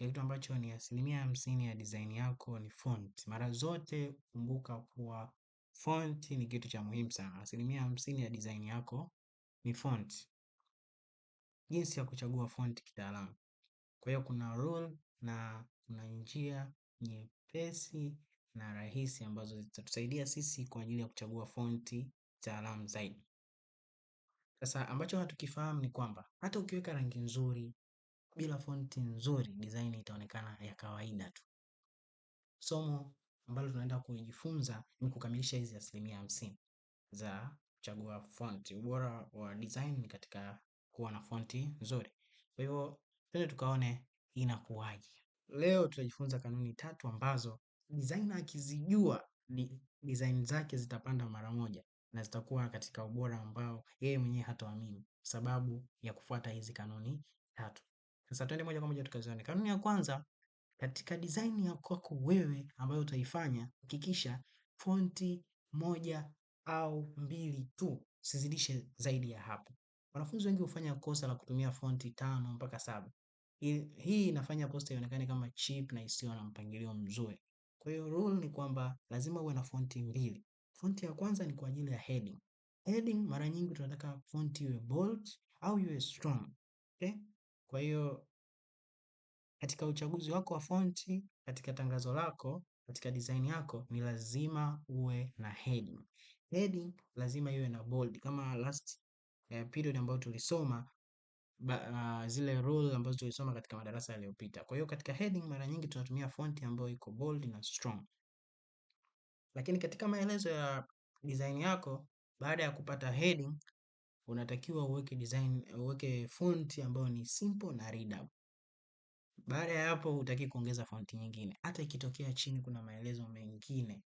katika kitu ambacho ni asilimia hamsini ya design yako ni font. Mara zote kumbuka kuwa font ni kitu cha muhimu sana. Asilimia hamsini ya design yako ni font. Jinsi ya kuchagua font kitaalamu. Kwa hiyo kuna rule na kuna njia nyepesi na rahisi ambazo zitatusaidia sisi kwa ajili ya kuchagua fonti kitaalamu zaidi. Sasa ambacho hatukifahamu ni kwamba hata ukiweka rangi nzuri bila fonti nzuri, mm-hmm. design itaonekana ya kawaida tu. Somo ambalo tunaenda kujifunza ni kukamilisha hizi asilimia hamsini za kuchagua fonti. Ubora wa design ni katika kuwa na fonti nzuri. Kwa hivyo, twende tukaone inakuwaje. Leo tutajifunza kanuni tatu ambazo designer akizijua design zake zitapanda mara moja na zitakuwa katika ubora ambao yeye mwenyewe hataamini sababu ya kufuata hizi kanuni tatu. Sasa twende moja kwa moja tukazione. Kanuni ya kwanza, katika design ya kwako wewe ambayo utaifanya, hakikisha fonti moja au mbili tu, usizidishe zaidi ya hapo. Wanafunzi wengi hufanya kosa la kutumia fonti tano mpaka saba. Hii inafanya posta ionekane kama cheap na isiyo na mpangilio mzuri. Kwa hiyo rule ni kwamba lazima uwe na fonti mbili. Fonti ya kwanza ni kwa ajili ya heading. Heading mara nyingi tunataka fonti iwe bold au iwe strong. Okay? Kwa hiyo katika uchaguzi wako wa fonti, katika tangazo lako, katika design yako ni lazima uwe na heading. Heading lazima iwe na bold. Kama last eh, period ambayo tulisoma ba, uh, zile rule ambazo tulisoma katika madarasa yaliyopita. Kwa hiyo katika heading mara nyingi tunatumia fonti ambayo iko bold na strong. Lakini katika maelezo ya design yako baada ya kupata heading unatakiwa uweke design, uweke font ambayo ni simple na readable. Baada ya hapo utaki kuongeza fonti nyingine. Hata ikitokea chini kuna maelezo mengine,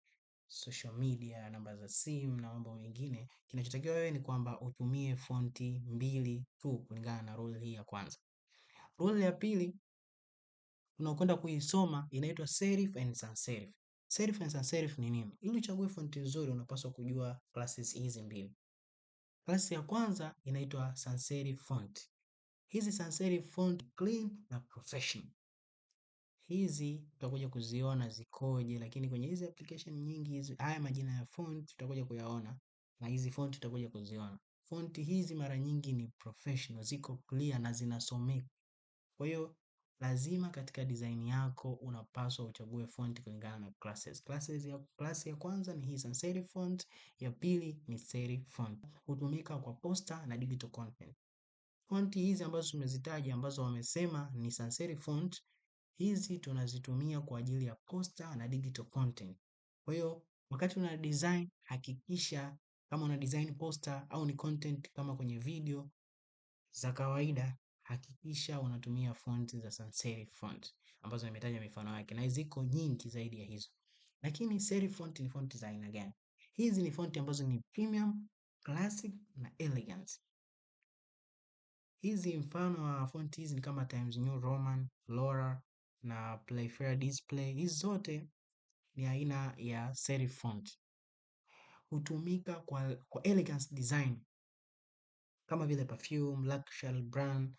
social media, namba za simu na mambo mengine, kinachotakiwa wewe ni kwamba utumie fonti mbili tu kulingana na rule hii ya kwanza. Rule ya pili unaokwenda kuisoma inaitwa serif and sans serif. Serif and sans serif ni nini? Ili uchague fonti nzuri, unapaswa kujua classes hizi mbili. Klasi ya kwanza inaitwa sans serif font. Hizi sans serif font clean na professional. Hizi tutakuja kuziona zikoje, lakini kwenye hizi application nyingi hizi, haya majina ya font tutakuja kuyaona na hizi font tutakuja kuziona. Font hizi mara nyingi ni professional, ziko clear na zinasomeka. Kwa hiyo lazima katika design yako unapaswa uchague font kulingana na classes. Classes ya, class ya kwanza ni hii sans serif font, ya pili ni serif font. Hutumika kwa poster na digital content. Font hizi ambazo tumezitaja ambazo wamesema ni sans serif font, hizi tunazitumia kwa ajili ya poster na digital content. Kwa hiyo wakati una design hakikisha kama una design poster au ni content kama kwenye video za kawaida hakikisha unatumia font za sans-serif font ambazo nimetaja mifano yake na ziko nyingi zaidi ya hizo. Lakini serif font ni font za aina gani? Hizi ni font ambazo ni premium, classic na elegant. Hizi mfano wa font hizi ni kama Times New Roman, Flora na Playfair Display. Hizi zote ni aina ya serif font, hutumika kwa, kwa elegance design kama vile perfume, luxury brand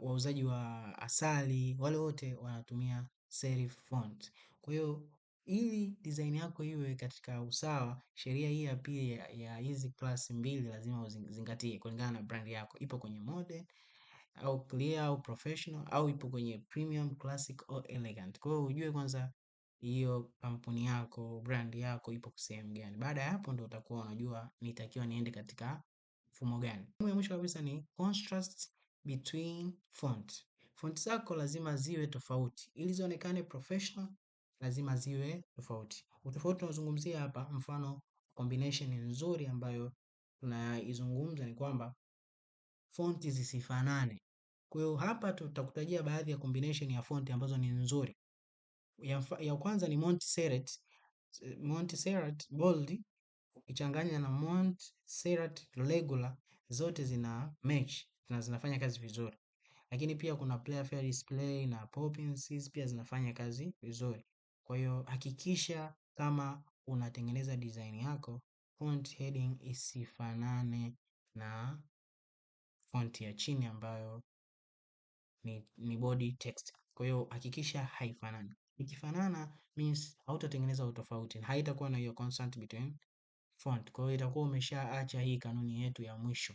wauzaji wa asali, wale wote wanatumia serif font. Kwa hiyo ili design yako iwe katika usawa, sheria hii ya pili ya hizi klasi mbili lazima uzingatie kulingana na brand yako, ipo kwenye modern au clear au professional au ipo kwenye premium, classic au elegant. Kwa hiyo ujue kwanza hiyo kampuni yako brand yako ipo sehemu gani. Baada ya hapo, ndo utakuwa unajua nitakiwa niende katika mfumo gani. mwisho kabisa ni contrast between font. Font zako lazima ziwe tofauti ili zionekane professional, lazima ziwe tofauti. Utofauti tunazungumzia hapa, mfano combination nzuri ambayo tunaizungumza ni kwamba fonti zisifanane. Kwa hiyo hapa tutakutajia baadhi ya combination ya font ambazo ni nzuri. Ya, ya kwanza ni Montserrat, Montserrat bold ukichanganya na Montserrat regular zote zina match na zinafanya kazi vizuri. Lakini pia kuna player fair display na Popins pia zinafanya kazi vizuri. Kwa hiyo hakikisha kama unatengeneza design yako, font heading isifanane na font ya chini ambayo ni, ni body text. Kwa hiyo hakikisha haifanani. Ikifanana means hautatengeneza utofauti, haitakuwa na hiyo constant between font. Kwa hiyo itakuwa umeshaacha hii kanuni yetu ya mwisho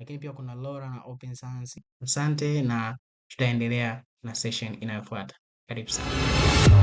lakini pia kuna LoRa na Open Science. Asante na tutaendelea na session inayofuata. Karibu sana.